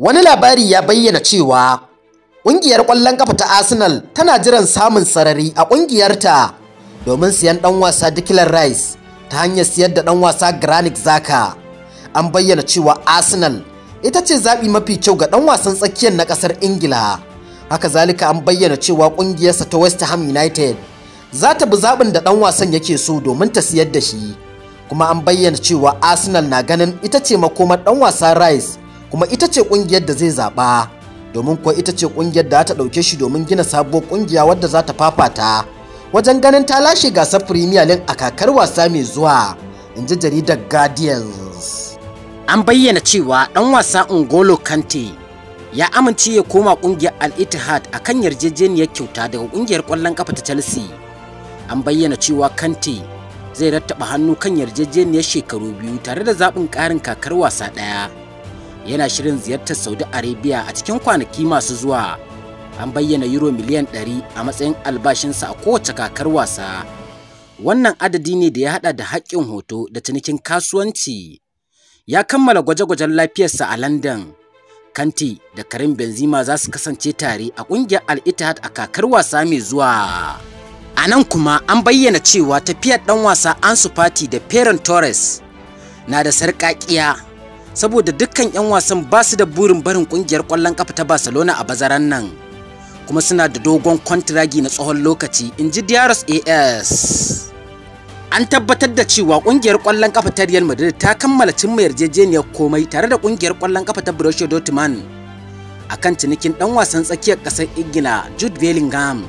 Wani labari ya bayyana cewa ƙungiyar ƙwallon ƙafa ta Arsenal tana jiran samun sarari a ƙungiyarta domin siyan ɗan wasa Declan Rice ta hanyar siyar da ɗan wasa Granit Zaka. An bayyana cewa Arsenal ita ce zaɓi mafi kyau ga ɗan wasan tsakiyar na ƙasar Ingila. Haka zalika an bayyana cewa ƙungiyarsa ta West Ham United za ta bi zaɓin da ɗan wasan yake so domin ta siyar da shi. Kuma an bayyana cewa Arsenal na ganin ita ce makomar ɗan wasa Rice kuma ita ce ƙungiyar da zai zaɓa domin kuwa ita ce ƙungiyar da ta ɗauke shi domin gina sabuwar ƙungiya wadda za ta fafata wajen ganin ta lashe gasar Premier League a kakar wasa mai zuwa in ji jaridar Guardians. An bayyana cewa ɗan wasa Ngolo Kante ya amince ya koma ƙungiyar Al Ittihad kan yarjejeniyar kyauta daga ƙungiyar kwallon kafa ta Chelsea. An bayyana cewa Kante zai rattaba hannu kan yarjejeniyar shekaru biyu tare da zaɓin ƙarin kakar wasa ɗaya. yana shirin ziyartar Saudi Arabia a cikin kwanaki masu zuwa. An bayyana euro miliyan 100 a matsayin albashinsa a kowace kakar wasa. Wannan adadi ne da ya hada da haƙƙin hoto da cinikin kasuwanci. Ya kammala gwaje-gwajen lafiyarsa a London. Kanti da Karim Benzema za su kasance tare a ƙungiyar Al-Ittihad a kakar wasa mai zuwa. A nan kuma an bayyana cewa tafiyar ɗan wasa Ansu Fati da Ferran Torres na da sarƙaƙiya saboda dukkan 'yan wasan ba su da burin barin kungiyar ƙwallon ƙafa ta Barcelona a bazaran nan kuma suna da dogon kwantiragi na tsohon lokaci in ji Diaros AS. An tabbatar da cewa kungiyar ƙwallon ƙafa ta Real Madrid ta kammala cin cimma yarjejeniyar komai tare da kungiyar ƙwallon ƙafa ta Borussia Dortmund akan cinikin ɗan wasan tsakiyar ƙasar Ingila Jude Bellingham.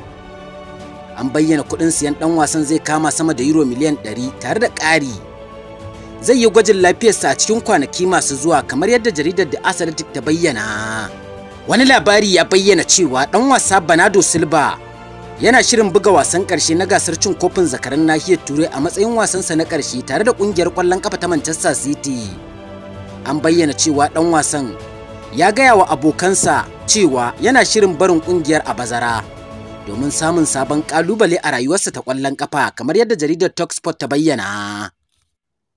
An bayyana kuɗin siyan ɗan wasan zai kama sama da euro miliyan 100 tare da ƙari zai yi gwajin lafiyarsa a cikin kwanaki masu zuwa kamar yadda jaridar da Athletic ta bayyana. Wani labari ya bayyana cewa ɗan wasa Bernardo Silva yana shirin buga wasan ƙarshe na gasar cin kofin zakaran nahiyar Turai a matsayin wasan sa na karshe tare da ƙungiyar kwallon kafa ta Manchester City. An bayyana cewa ɗan wasan ya gaya wa abokansa cewa yana shirin barin ƙungiyar a bazara domin samun sabon ƙalubale a rayuwarsa ta kwallon ƙafa kamar yadda jaridar Talksport ta bayyana.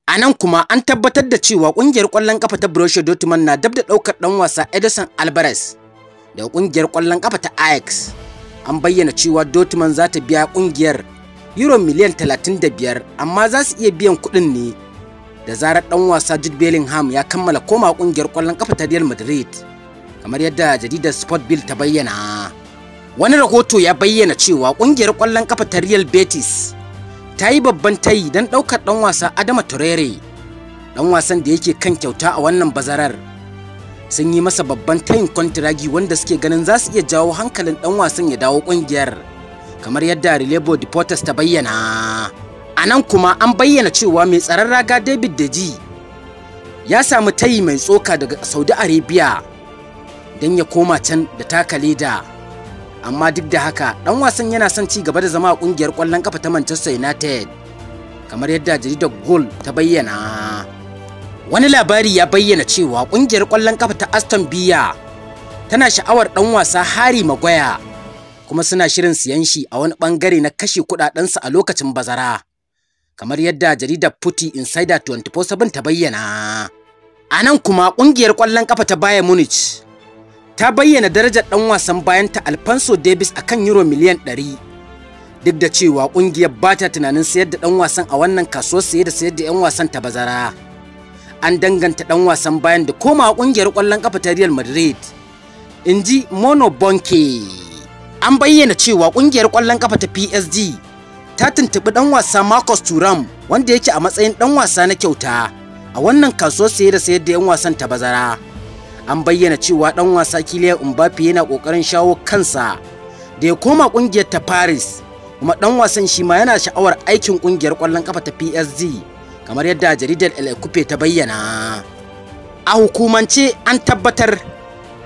A nan kuma an tabbatar da cewa ƙungiyar kwallon ƙafa ta Borussia Dortmund na dab da ɗaukar ɗan wasa Edison Alvarez daga ƙungiyar kwallon ƙafa ta Ajax. An bayyana cewa Dortmund za ta biya ƙungiyar euro miliyan 35 amma za su iya biyan kuɗin ne da zarar ɗan wasa Jude Bellingham ya kammala koma ƙungiyar kwallon ƙafa ta Real Madrid kamar yadda jaridar Sport Bill ta bayyana. Wani rahoto ya bayyana cewa ƙungiyar kwallon kafa ta Real Betis ta yi babban tayi don ɗaukar ɗan wasa Adama Turere, ɗan wasan da yake kan kyauta a wannan bazarar. Sun yi masa babban tayin kwantiragi wanda suke ganin za su iya jawo hankalin ɗan wasan ya dawo ƙungiyar, kamar yadda Relebo Deportes ta bayyana. A nan kuma an bayyana cewa mai tsaron raga David Deji ya samu tayi mai tsoka daga Saudi Arabia don ya koma can da taka leda. amma duk da haka dan wasan yana son ci gaba da zama a kungiyar kwallon kafa ta Manchester United kamar yadda jaridar Goal ta bayyana wani labari ya bayyana cewa kungiyar kwallon kafa ta Aston Villa tana sha'awar dan wasa Harry Maguire kuma suna shirin siyan shi a wani bangare na kashe sa a lokacin bazara kamar yadda jaridar Footy Insider 24 ta bayyana a nan kuma kungiyar kwallon kafa ta Bayern Munich ta bayyana darajar ɗan wasan bayanta Alfonso Davis a kan euro miliyan 100 duk da cewa ƙungiyar ba ta tunanin sayar da ɗan wasan a wannan kasuwar saye da sayar da 'yan wasan ta bazara. An danganta ɗan wasan bayan da komawa ƙungiyar ƙwallon ƙafa ta Real Madrid. In ji Mono Bonke. An bayyana cewa ƙungiyar ƙwallon ƙafa ta PSG ta tuntuɓi ɗan wasa Marcus Turam, wanda yake a matsayin ɗan wasa na kyauta a wannan kasuwar saye da sayar da 'yan wasan ta bazara. an bayyana cewa dan wasa Kylian Mbappe yana kokarin shawo kansa da ya koma kungiyar ta Paris kuma dan wasan shi ma yana sha'awar aikin kungiyar kwallon kafa ta PSG kamar yadda jaridar El ta bayyana a hukumance an tabbatar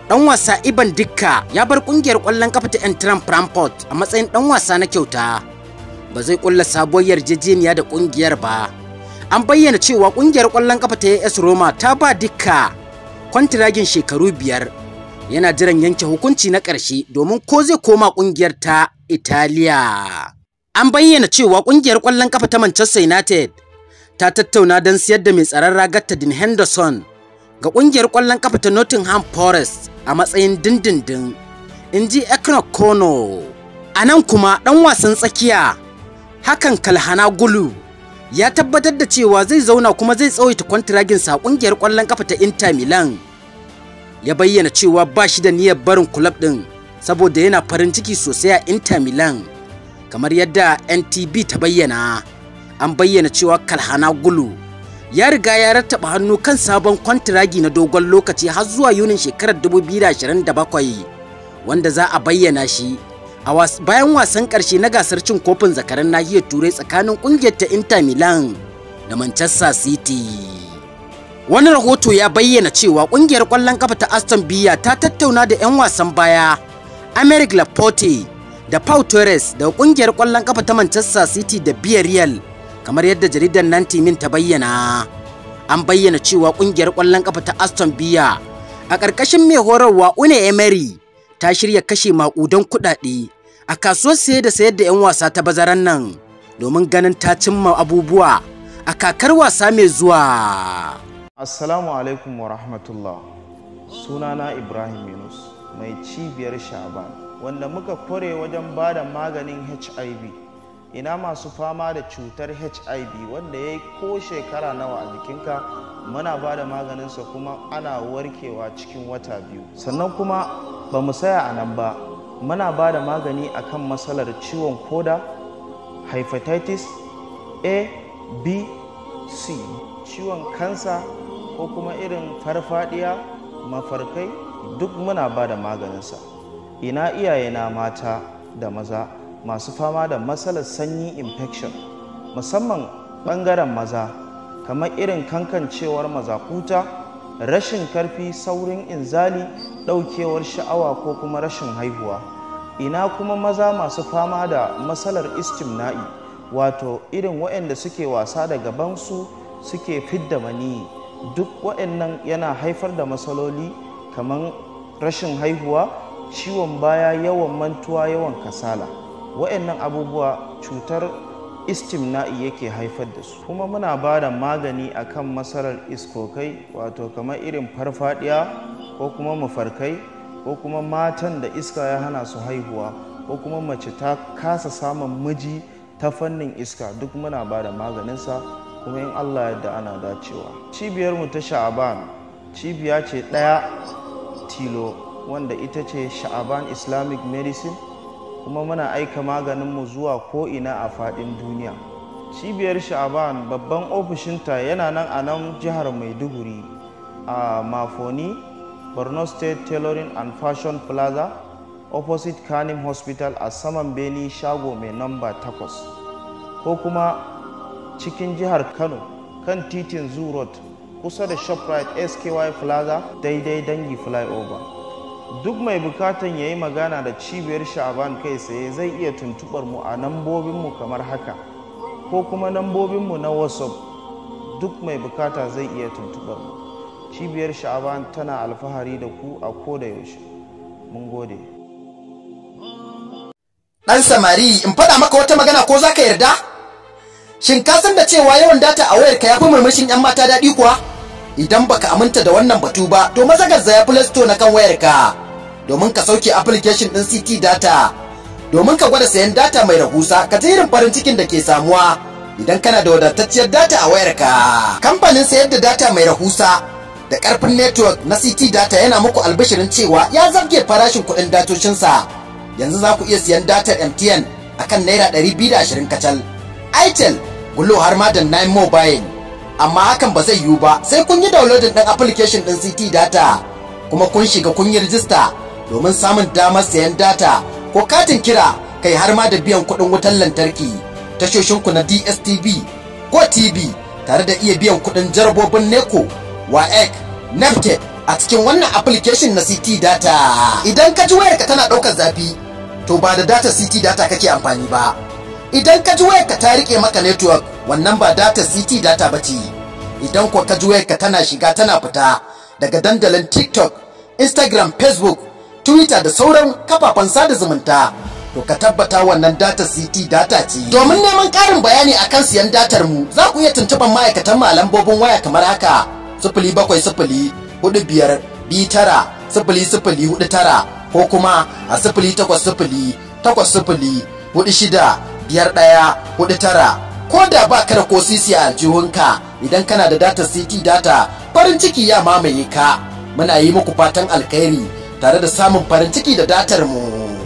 dan wasa Iban Dikka ya bar kungiyar kwallon kafa ta Eintracht Frankfurt a matsayin dan wasa na kyauta ba zai kulla sabuwar yarjejeniya da kungiyar ba an bayyana cewa kungiyar kwallon kafa ta AS Roma ta ba Dikka kwantiragin shekaru biyar yana jiran yanke hukunci na ƙarshe domin ko zai koma ƙungiyar ta Italiya. An bayyana cewa ƙungiyar ƙwallon ƙafa ta Manchester United ta tattauna don siyar da mai tsaron ragar ta Dean Henderson ga ƙungiyar ƙwallon ƙafa ta Nottingham Forest a matsayin dindindin. In ji Eknok Kono. A nan kuma ɗan wasan tsakiya Hakan Kalhana Gulu ya tabbatar da cewa zai zauna kuma zai tsawaita kwantiragin a ƙungiyar ƙwallon kafa ta Inter Milan. Ya bayyana cewa ba shi da niyyar barin kulab ɗin saboda yana farin ciki sosai a Inter Milan. Kamar yadda NTB ta bayyana, an bayyana cewa Kalhana Gulu ya riga ya rattaba hannu kan sabon kwantiragi na dogon lokaci har zuwa Yunin shekarar 2027 wanda za a bayyana shi bayan wasan ƙarshe na gasar cin kofin zakaran nahiyar turai tsakanin ƙungiyar ta inter milan da manchester city wani rahoto ya bayyana cewa ƙungiyar ƙwallon kafa ta aston villa ta tattauna da 'yan wasan baya americ laporte da pau torres da ƙungiyar ƙwallon kafa ta manchester city da real kamar yadda jaridar nan timin ta bayyana an bayyana cewa ƙungiyar ƙwallon kafa ta aston villa a ƙarƙashin mai horarwa une emery ta shirya kashe maƙudan kuɗaɗe a kasuwar saye da sayar da 'yan wasa ta bazaran nan domin ganin ta cimma abubuwa a kakar wasa mai zuwa. Assalamu alaikum wa rahmatullah. Sunana Ibrahim Yunus mai cibiyar Shaban wanda muka kware wajen ba da maganin HIV. Ina masu fama da cutar HIV wanda ya yi ko shekara nawa a jikinka muna ba da maganinsa kuma ana warkewa cikin wata biyu. Sannan kuma ba mu saya a nan ba muna ba da magani a kan matsalar ciwon koda hepatitis a b c ciwon kansa ko kuma irin farfadiya mafarkai duk muna ba da maganinsa ina iyayena mata da maza masu fama da matsalar sanyi infection musamman ɓangaren maza kamar irin kankancewar mazakuta rashin karfi saurin inzali ɗaukewar sha'awa ko kuma rashin haihuwa ina kuma maza masu fama da matsalar istimna'i wato irin waɗanda suke wasa da gabansu suke fidda maniyi duk waɗannan yana haifar da matsaloli kamar rashin haihuwa ciwon baya yawan mantuwa yawan kasala waɗannan abubuwa cutar istimna'i yake haifar da su kuma muna ba da magani akan matsalar iskokai wato kamar irin farfaɗiya. ko kuma mafarkai ko kuma matan da iska ya hana su haihuwa ko kuma mace ta kasa samun miji ta fannin iska duk muna ba da maganinsa kuma in allah yadda ana dacewa cibiyarmu ta sha'aban cibiya ce ɗaya tilo wanda ita ce sha'aban islamic medicine kuma muna aika maganinmu zuwa ko'ina a faɗin duniya cibiyar sha'aban babban ofishinta yana nan a nan jihar maiduguri a mafoni Borno State Tailoring and Fashion Plaza opposite Kanim Hospital a saman Beni shago mai namba takwas ko kuma cikin jihar Kano kan titin Zoo Road kusa da Shoprite SKY Plaza daidai dangi flyover. Duk mai bukatan ya yi magana da cibiyar Sha'aban kai sai zai iya tuntubar a nambobinmu kamar haka ko kuma nambobinmu na WhatsApp duk mai bukata zai iya tuntubar mu. cibiyar sha'aban tana alfahari da ku a koda mun gode dan samari in faɗa maka wata magana ko za ka yarda shin ka san da cewa yawan data a wayarka ya fi murmushin yan mata daɗi kuwa idan baka aminta da wannan batu ba to maza zaya play store na kan wayarka domin ka sauke application ɗin ct data domin ka gwada sayan data mai rahusa ka ji irin farin cikin da ke samuwa idan kana da wadatacciyar data a wayarka kamfanin sayar da data mai rahusa da karfin network na CT data yana muku albishirin cewa ya zarge farashin kuɗin datocinsa. Yanzu za ku iya siyan datar MTN a kan Naira 220 kacal. Itel, gulo har ma da Nine Mobile. Amma hakan ba zai yiwu ba sai kun yi downloading ɗin application ɗin CT data kuma kun shiga kun yi rijista domin samun damar siyan data ko katin kira kai har ma da biyan kuɗin wutar lantarki tashoshinku na DSTV ko TV tare da iya biyan kuɗin jarabobin NECO waec nafted a cikin wannan application na ct data idan ka ji wayarka tana ɗaukar zafi to ba da data ct data kake amfani ba idan ka ji wayarka ta riƙe maka network wannan ba data ct data ba ce idan kuwa ka ji wayarka tana shiga tana fita daga dandalin tiktok instagram facebook twitter da sauran kafafen sada zumunta to ka tabbata wannan data ct data ce domin neman ƙarin bayani akan siyan datar mu za ku iya tuntuɓar ma'aikatan malambobin waya kamar haka sifili bakwai sifili hudu biyar bi tara sifili sifili hudu tara ko kuma a sifili takwas sifili takwas sifili hudu shida biyar ɗaya hudu tara ko da ba ka da ko sisi a aljihunka idan kana da data city data farin ciki ya mamaye ka muna yi muku fatan alkhairi tare da samun farin ciki da datar mu.